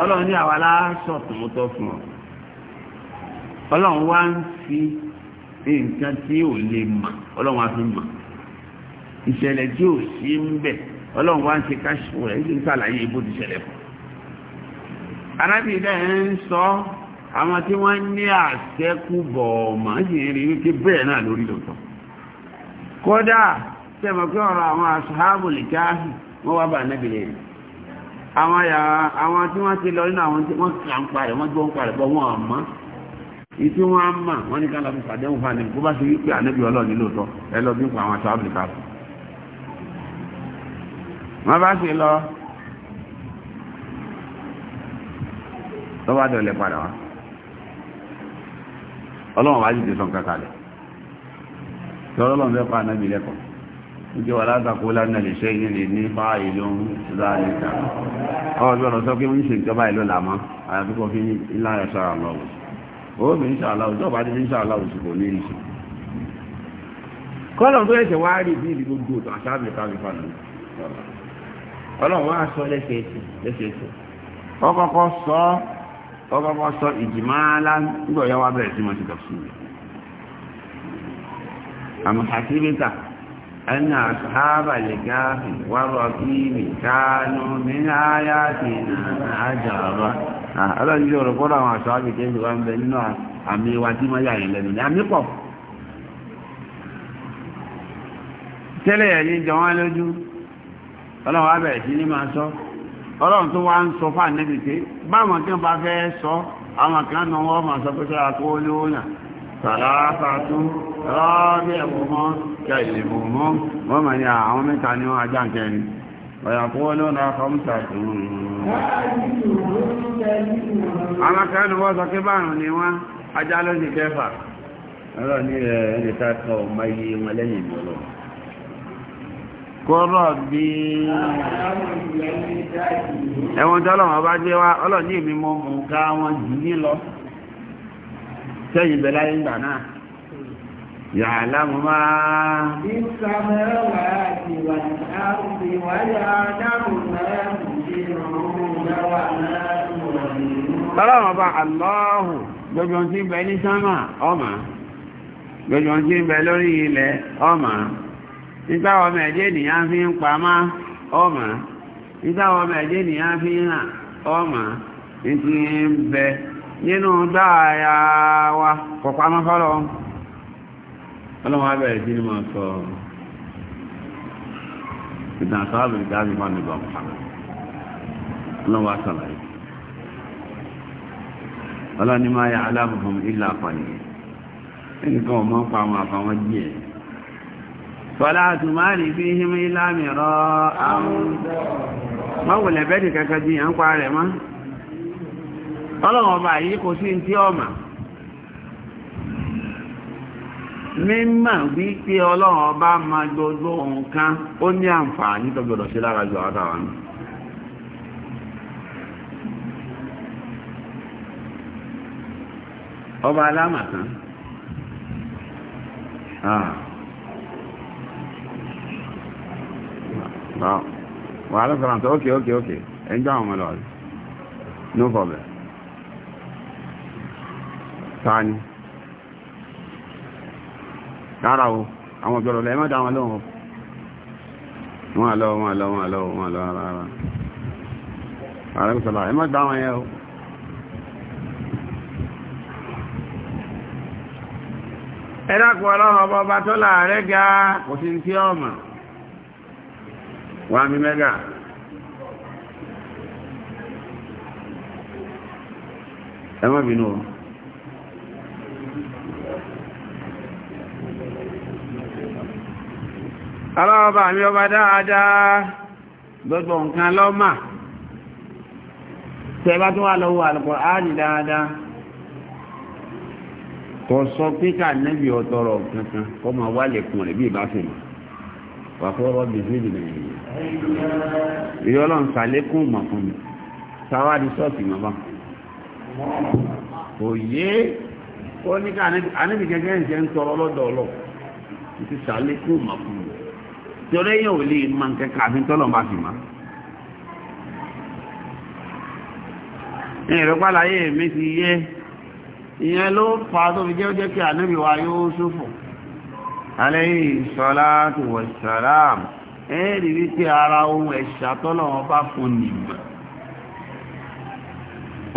ọlọ́run ní àwa aláṣọ tòmótọ́ fún ọ ọlọ́run wá ń fi nǹkan tí ò lè mọ̀ ọlọ́run wá fi mọ̀ ìṣẹ̀lẹ̀ tí ò sí ń bẹ̀ ọlọ́run wá ń ṣe káṣíwò rẹ̀ nítorí sàlàyé ibò ti ṣẹlẹ̀ fún arábìnrin náà ń sọ àwọn tí wọ́n ní àṣẹ́kù bọ̀ sì ń àwọn àyà àwọn tí wọ́n ti lọ nínú àwọn tí wọ́n kà ń parẹ̀ wọ́n gbọ́ ń parẹ̀ bọ́ wọn àmọ́ ìtí wọ́n á mà wọ́n ní kálọ̀ fún fàdéhùn fani bó bá ṣe wípé ànábì ọlọ́ọ̀ni lóòótọ́ ẹ lọ bí fún àwọn aṣọ àbùkà wọ́n bá ṣe lọ lọ́wọ́ àdọ̀lẹ̀ padà wá ọlọ́run wá sì ti sọ nǹkan kalẹ̀ tí ọlọ́run fẹ́ pa ànábì lẹ́kọ̀ọ́ ìjọ wà látàkó lánà lè ṣe yìí lè ní fáà ìlú ìdáríkà ọwọ́ bí ọ̀rọ̀ sọ pé ń ṣe ìjọba ìlú làmọ́ àyàfi kọ́ fi ńlá rẹ̀ sára lọ́wọ́ owó mi ń ṣàlàwọ̀ ìjọba ti ń ṣàlàwọ̀ sí kò ní ìṣe kọ́lọ̀ tó ẹ̀ṣẹ̀ wá rí bí ìdí gbogbo ìtàn àṣàbí káfífà nù ọlọ́run wá sọ lẹ́sẹẹsẹ ọkọ̀kọ́ sọ ọkọ̀kọ́ أن أصحاب الكهف والرقيم كانوا من آياتنا عجبا ọlọ́run yóò rọ̀ fọ́lọ́ àwọn àṣọ́bì tí ó wà ń bẹ nínú àmì wa tí wọ́n yà yẹn lẹ́nu ní àmì pọ̀ ya ọlọ́run tó wá ń sọ fún ànẹ́bìtì báwọn tí wọ́n bá fẹ́ sọ àwọn kan náà wọ́n máa sọ pé sọ́ra kó lóòrùn sàlàáfàtú rọ́ọ̀dì ẹ̀mùmọ́ kẹlìmùmọ́ wọ́n mọ̀ ní àwọn mẹ́ta ní wọ́n ajá kẹrin ọ̀yàkó lónà kọ́mùsà tún àwọn ni ajá tí ọlọ́run ọba wá ọlọ́run ní mọ́ ká wọn sẹ́yìn bẹ̀ láyé ńgbà náà yàrá mo máa. ìsàmẹ́rẹ́ wà á ti wà ní àwọn ìwádìí adáàbò náà kò ṣe ìrànlọ́wọ́ náà náà lọ́lọ́run ọba àlọ́ọ̀hù gbogbo tí ń bẹ ní sánmà ọmọ gbogbo tí ń bẹ lórí ilẹ̀ ọmọ nígbà ọmọ ẹ̀dẹ́ ènìyàn fi ń pamá ọmọ nígbà ọmọ ẹ̀dẹ́ ènìyàn fi ń hàn ọmọ ní ti ń bẹ nínú ya wa kọ̀pá mọ́fọ́lọ́ ọlọ́wọ́ abẹ́rẹ̀ jí ní mọ́ sọ ìdàn ìdájú bá nígbà ọlọ́wọ́ sàlàyé ọlọ́ni máa yà aláàbùhùn ilẹ̀ àpàlẹ̀ ẹnìkan ọmọ pa àwọn àfàwọn díẹ̀ fọlá àtùmárì fi hímú ilá mìíràn àwọn mọ́wùlẹ̀ bẹ́ẹ̀ ọlọ́run ọba yìí kò sí ti ọmọ mímọ̀ wípé ọlọ́run ọba máa gbogbo nǹkan ó ní àǹfààní tó gbọdọ̀ sí lára jù àtàwọn nù ọba alámàtán wà á lọ́sọ̀rọ̀ àǹtọ́ ókè ókè ókè ẹgbẹ́ àwọn ọmọ lọ́rọ̀ no problem sáni rárá o àwọn ọ̀gbọ̀rọ̀ lẹ́ mọ́dá wọn lọ́wọ́ wọn àlọ́ wọn àlọ́ wọn àlọ́ wọn àlọ́ rárá ààrẹ ìsọ̀lá ẹ mọ́dá wọn yẹ o ẹ̀dàkù ọlọ́wọ́ bọba tó láàrẹ ga kò sí tí ọmọ wà bínú o ọlọ́ọ̀bà mi ọba dáadáa gbogbo nǹkan lọ́mà tẹ́ bá tún wà lọ́wọ́ Al-Qur'ani dáadáa kò sọ pé ká nẹ́bí ọ̀tọ̀rọ̀ kankan kọ́ máa wá lẹ́kùn rẹ̀ bí ìbá fi mọ̀ wà fọ́ rọ́bì sílì nàìjíríà ìyọ́ lọ́n sàlékún mọ̀ fún mi mọ̀ bá kò yé ní ká gẹ́gẹ́ ń ń tọrọ lọ́dọ̀ ọlọ́ torí yóò lè mọ nǹkan kàfi tọ́lọ̀ máa fi mọ́. ìrọ̀pá láyé mi ti yé ìyẹn ló fà á tó fi jẹ́ jẹ́ kí ànábì wa Yúsúfù alayhi salatu wassalam ẹ̀ẹ́rì wípé ara ohun ẹ̀ṣà tọ́lọ̀ wọn bá fún nìmọ̀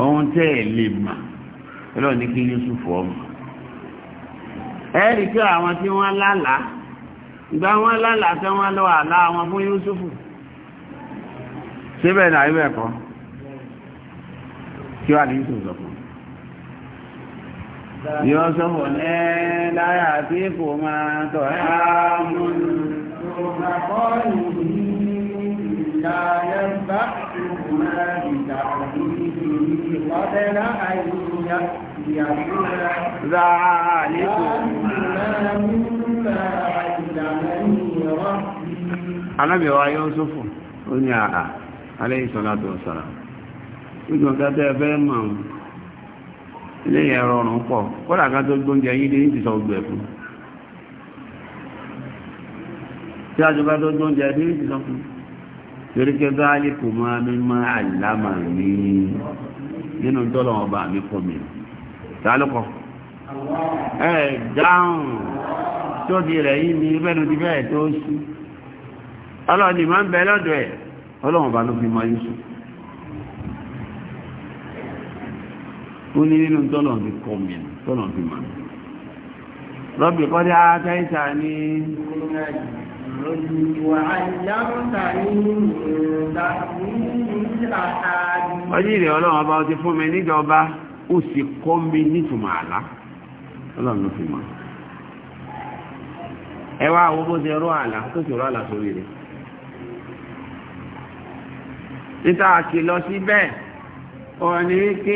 ohun tẹ́ ẹ̀ lè mà ọlọ́run ní kí Yúsúfù ọmọ ẹ̀ẹ́rì pé àwọn tí wọ́n lálàá ìgbà wọn lálàtẹ́ wọn lọ àlá wọn fún Yúsùfù síbẹ̀ náà ibẹ̀ kọ́ kí wà ní Yúsùfù sọ fún yóò ní láyà tí kò máa tọ̀ ẹ́ mú لا ينبعكم بتعليمه قبل أن يأتيكم ذلكم مما anábìwá Yúsúfù ó ní àhà alayhi salatu wa salam gbogbo nǹkan tẹ́ ẹ fẹ́ mọ̀ ọ́n ilé yẹn rọrùn pọ̀ kódà kan tó gbóúnjẹ yín dé ti sọ gbẹ fún tí a jọba tó gbóúnjẹ dé ti fún torí pé báyìí kò máa mi máa àlámà ní nínú tọ́lọ̀ ọba mi kọ́ mi ta ló dáhùn tó di rẹ̀ yìí ni bẹ́ẹ̀ ti bẹ́ẹ̀ tó sùn ọlọ́ọ̀ni máa ń bẹ lọ́dọ̀ ẹ̀ ọlọ́wọ̀n bá ló fi máa Yusuf ó ní nínú tọ́lọ̀ fi kọ́ mi tọ́lọ̀ fi máa rọ́bì kọ́ dá tẹ́sà ní ọjí ìrẹ̀ ọlọ́wọ̀n bá ti fún mi níjọba ó sì kọ́ mi nítumọ̀ àlá ọlọ́run ló fi máa ẹwà àwọn bó ti rọ́ àlá tó ti rọ́ àlá sórí rẹ̀ níta àti lọ síbẹ̀ ọ̀rọ̀ ni kí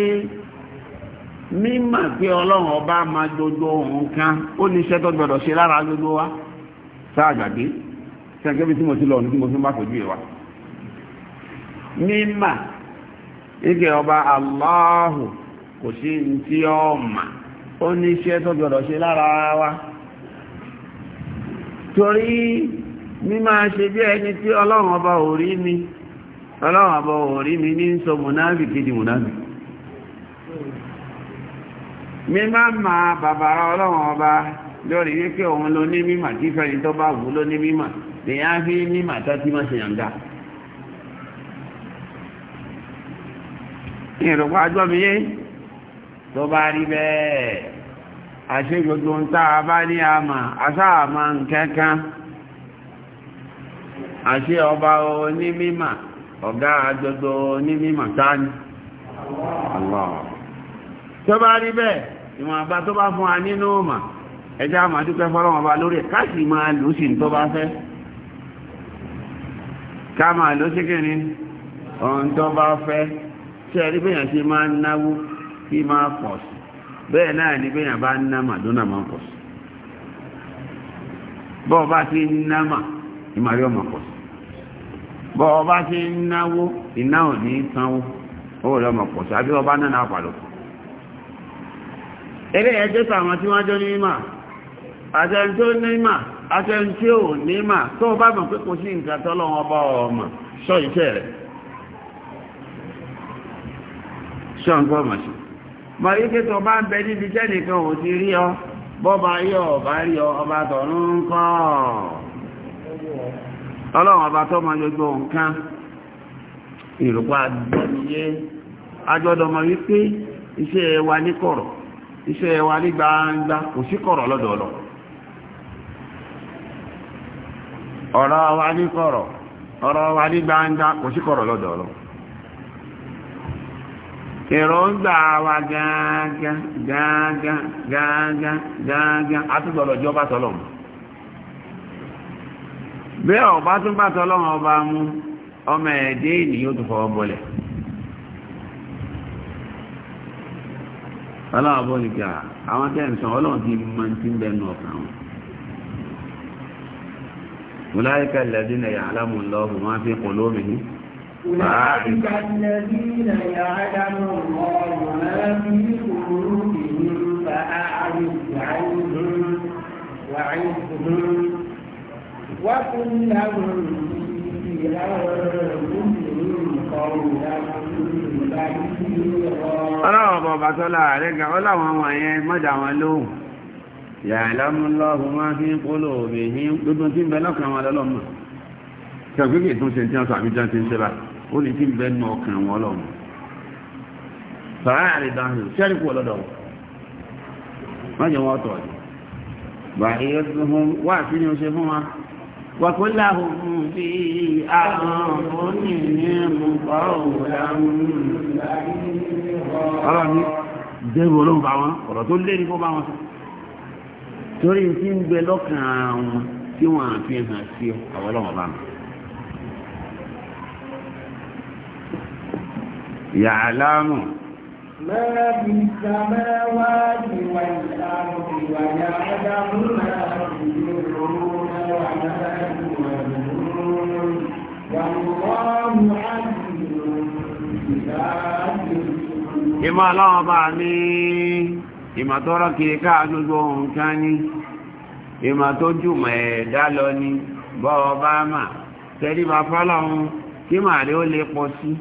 mímọ̀ pé ọlọ́run ọba máa gbogbo ohun kan ó ní iṣẹ́ tó gbọdọ̀ ṣe lára gbogbo wa sáàgbàgbé bí tí mo ti lọ ní tí mo fi ń bá fojú mímọ̀ ọba aláhù kò sí tí ó ní iṣẹ́ tó gbọdọ̀ ṣe lára wa torí mímọ̀ ẹni tí ọlọ́run ọba ò rí ọlọ́run àbọ̀ orí mi ní sọ mùnáàbì kéde mùnáàbì mi máa ma bàbára ọlọ́run ọba lórí wípé òun ló ní mímà tí fẹ́ni tó bá wù ló ní mímà lèyàn fi mímà tó ti má ṣe yàǹda ìrùpá ajọ́ mi yé tó bá rí bẹ́ẹ̀ àṣẹ gbogbo ń tá a bá ní àmà àṣà àmà nkankan àṣẹ ọba onímímà ọ̀gá àjọjọ ní mímọ̀ táni Allah tó bá rí bẹ́ẹ̀ ìwọ̀n àbá tó bá fún wa nínú ọmọ ẹjá máa dúpẹ́ fọ́lọ́wọ́n bá lórí ẹ̀ káàkiri máa lò sí tó bá fẹ́ ká máa lò sí kìíní ọ̀n tó bá fẹ́ tí ẹ̀rí bẹ́yàn sí máa ń náwó kí máa pọ̀ sí bẹ́ẹ̀ náà ni bẹ́yàn bá ń ná màdúnà máa pọ̀ sí bọ́ọ̀ bá ti ń ná mà ìmàrí ọmọ pọ̀ sí bọ́ ọba ṣe ń náwó iná ò ní sanwó ó pọ̀ ọba náà náà pàdó eré ẹjẹ́ tàwọn tí wọ́n jọ ní mà àtẹni tó ní mà àtẹni ò ní mà tó bá mọ̀ sọ iṣẹ́ rẹ̀ sọ mọ̀ ike tó bá ń bẹ níbi jẹ́ nìkan ọlọ́run ọba tó ma yọjọ nǹkan ìrùpa àgbẹ̀mìyẹ ajọ́dọ̀ ma iṣẹ́ wa ní kọ̀rọ̀ iṣẹ́ wa ní gbangba kò sí kọ̀rọ̀ lọ́dọọlọ́ ọ̀rọ̀ wa ní ọ̀rọ̀ wa gbangba kò sí kọ̀rọ̀ lọ́dọọlọ́ wa gángan gángan gángan gángan tọ́lọ̀mù bí ọ̀bá tún bá tọ́lọ́wọ́ ọba mú ọmọ ẹ̀dẹ́ ènìyàn tó fọwọ́ bọ́lẹ̀ ọlọ́wọ́ bọ́ ní kí àwọn tẹ́ ọlọ́wọ́ ti mọ ti ń bẹnu ọ̀kan wọn mùláyíkà lẹ́dínà yà alámù lọ́wọ́ máa fi kò lómi ní أولئك الذين يعلم الله ما في قلوبهم فأعرض عنهم وعظهم وكنا Ọlọ́run ọba ọba tó láàrẹ gan, ọláwọn ọmọ yẹn mọ́dà wọn lóhùn. Ya'lamu Allahu ma fi qulubihim gbogbo tí ń bẹ lọ́kàn wọn lọ́lọ́mọ̀. Ṣàgbégbè tó ń ṣe tí wọ́n sọ àbí jọ́ ti ń ṣe bá, ó ní tí ń bẹ nù ọkàn wọn lọ́mọ̀. Sọ̀rọ̀ àrídáhùn, وكلهم في أنفسهم قولا ọ̀rọ̀ mi dẹ́rù ọlọ́run bá wọn ọ̀rọ̀ tó lé ní kó bá wọn sọ torí tí wọ́n á fi hàn sí àwọn ọlọ́run bá wọn. يعلم ما في السماوات والأرض ويعلم ما تسرون وما ìmọ̀ ọlọ́wọ́ bá ní ìmọ̀ tó rọ́ kiri ohun ká ní ìmọ̀ tó jùmọ̀ ẹ̀dá lọ ní bọ́ọ̀ bá mà bá kí màá rí ó lè pọ̀ sí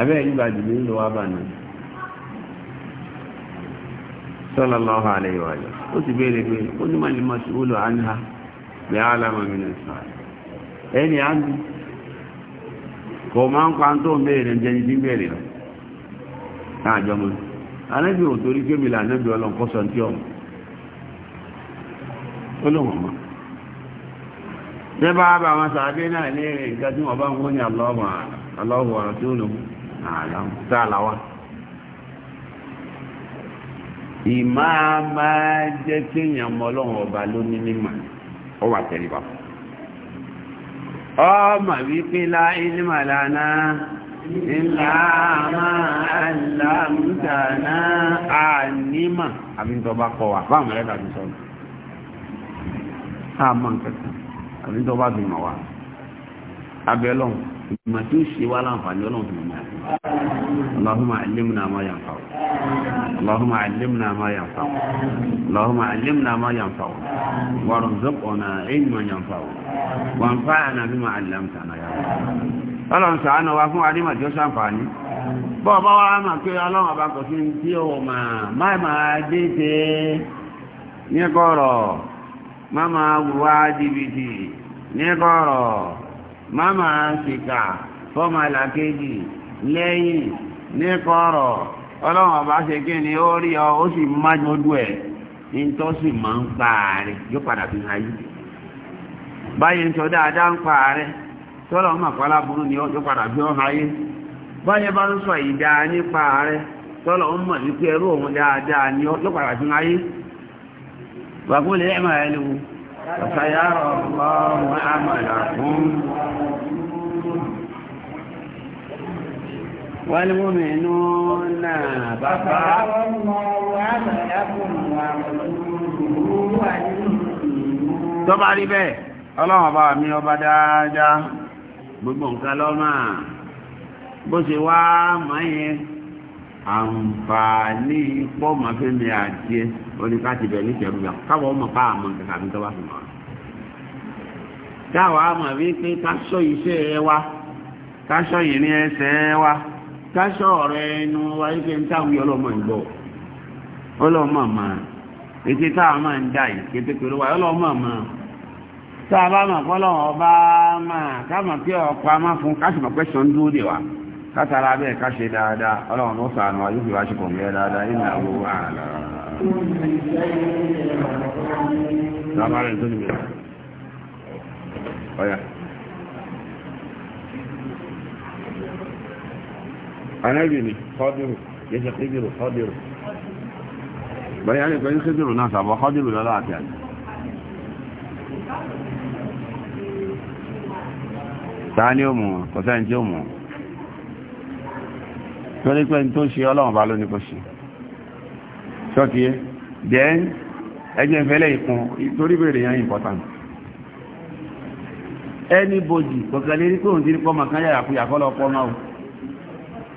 abẹ́ ìgbàjì ní ìlú wa sallallahu alaihi wa sallam ó sì béèrè pé ó ní màlìmọ̀ sí lẹ́yàlámà mínísà ẹni a ní kò máa ń pa tó ń bèèrè ń jẹni tí ń bèèrè lọ láàjọ mọ́ alẹ́bí ò torí kémi là nẹ́bí ọlọ́nkọ́sọ tí ọmọ ó lò wọ́n mọ́ dẹ́bà bá wọn sàábé náà ní èrè nǹkan tí tí mọ́ ọlọ́run ọba lónìí ní ó wà tẹ́lẹ̀bà ọmọ wípé láìlímàlánà ìlàmà àlàmùdànà ànímà àbíntọba kọ wà fáwọn mẹ́rẹ́ta ti sọ sáàmà kẹta àbíntọba bí mọ̀ wà abẹ́lọ́n ìgbìmọ̀ tí ó ṣe wá láǹfààní ọlọ́run tó mọ̀ Allahumma allimna ma اللهم علمنا ما ينفعنا اللهم علمنا ما ينفعنا وارزقنا علما ينفعنا وانفعنا بما علمتنا يا رب ọlọ́run sàánà wa fún àrímà tí ó sàǹfààní bọ́ ọba wa á máa pé ọlọ́run ọba kò ọlọ́run ọba ṣe kí ni ó rí ọ ó sì má lójú ẹ̀ nítọ́ sì máa ń pa ààrẹ yóò padà fi hàn yí báyìí ń sọ dáadáa ń pa ààrẹ tọ́lọ̀ ọmọ àpálá burú ni ó padà fi hàn báyìí bá ń sọ ìdá nípa ààrẹ tọ́lọ̀ ọmọ wípé ẹrú òun dáadáa ni padà fi náà bàbá. Bàbá ọmọ wa bàbá fún wa lọ́wọ́ wà nínú ìlú. Tó bá rí bẹ́ẹ̀, ọlọ́run ọba mi ọba dáadáa, gbogbo nǹkan lọ́mà. Bó ṣe wá máa yẹn, àǹfààní pọ́ máa fẹ́ mi àdíẹ, oníká ti bẹ̀ níṣẹ́rú gbà, káwọ́ ọmọ pa àmọ́ nǹkan kàbí tó fi mọ́. Táwa mọ̀ wípé ká iṣẹ́ wa, ká sọ ìrìn ẹsẹ̀ wa. káṣọ ọrụ ẹnu wa yí pé ń ọlọmọ ọlọ́mọ ọlọmọ ọlọ́mọ mọ̀ ètè máa ń dà yìí wa ọlọmọ mọ̀ tá a bá mọ̀ ọba máa pé fún káṣọ ń dúró dè wa bẹ́ẹ̀ ṣe dáadáa ọlọmọ ó sàánú wa yóò wá ṣe mẹ́ dáadáa anábì ni kọ́dìrù yẹ ṣe kídìrù kọ́dìrù bẹ́ẹ̀ yà lè pẹ́ kídìrù náà sàbọ̀ kọ́dìrù lọ́la àti àti. ta ni ó mú kò sẹ́ni tí ó mú torí pé ní tó ṣe ọlọ́run bá lónìí kò ṣe ṣọ́ọ̀tì yẹ then ẹjẹ́ ìfẹ́lẹ́ ìkun torí bèrè yẹn important anybody kò kẹ́lẹ́ rí pé òun ti rí pọ́ màkàn yàrá kú yàkọ́ lọ pọ́ náà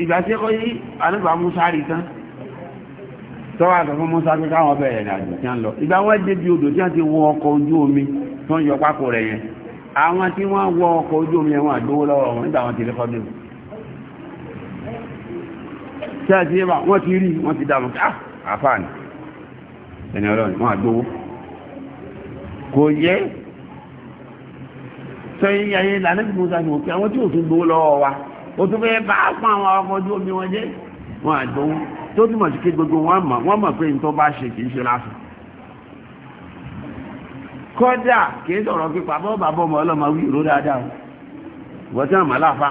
ìgbà tí ẹkọ́ yí àdúgbà Musa rí tán tọ́wà àtọ̀ fún Musa pé káwọn bẹ̀rẹ̀ ìrìnàjò tí a ń lọ ìgbà wọ́n dé bí odò tí a ti wọ ọkọ̀ ojú omi tó ń yọ pákó rẹ̀ yẹn àwọn tí wọ́n wọ ọkọ̀ ojú omi ẹ̀wọ̀n àgbówó lọ́wọ́ wọn nígbà wọn ti rí kọ́dé tẹ́ẹ̀tì yẹ́bà wọ́n ti rí wọ́n ti dàmù ká ah! àfáàní ẹni ọlọ́run wọ́n àgbówó kò yẹ sọ yíyá yẹn lànà bí Musa ti wò pé àwọn tí ò tún ó tún fẹ́ bá pọ̀ àwọn ọkọ̀ ojú omi wọn jẹ́ wọn àjọ wọn gbogbo wọn mọ̀ wọ́n mọ̀ pé nítorí bá ṣe kì í ṣe lásán kọ́dà kì í sọ̀rọ̀ pípa bọ́ bàbá ọmọ ọlọ́mọ wí ìró dáadáa o wọ́n tí wọ́n mọ̀ láfa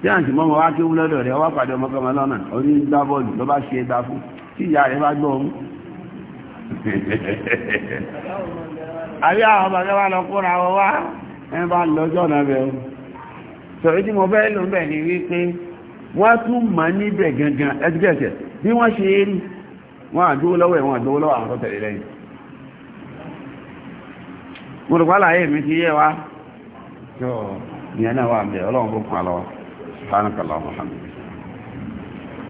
tí wá kí wọ́n lọ́dọ̀ rẹ̀ wá pàdé ọmọkọ́mọ lọ́nà orí gbá bọ́ọ̀lù ló bá ṣe é gbá fún sọ̀rọ̀ tí mo bẹ́ lò ń bẹ̀ ní wípé wọ́n tún ma níbẹ̀ gangan ẹgbẹ̀ẹ̀sẹ̀ bí wọ́n ṣe rí wọ́n àdúró lọ́wọ́ ẹ̀wọ̀n àwọn tẹ̀lé lẹ́yìn mo rò mi ti yé wa yóò ìyẹn wà ń ọlọ́run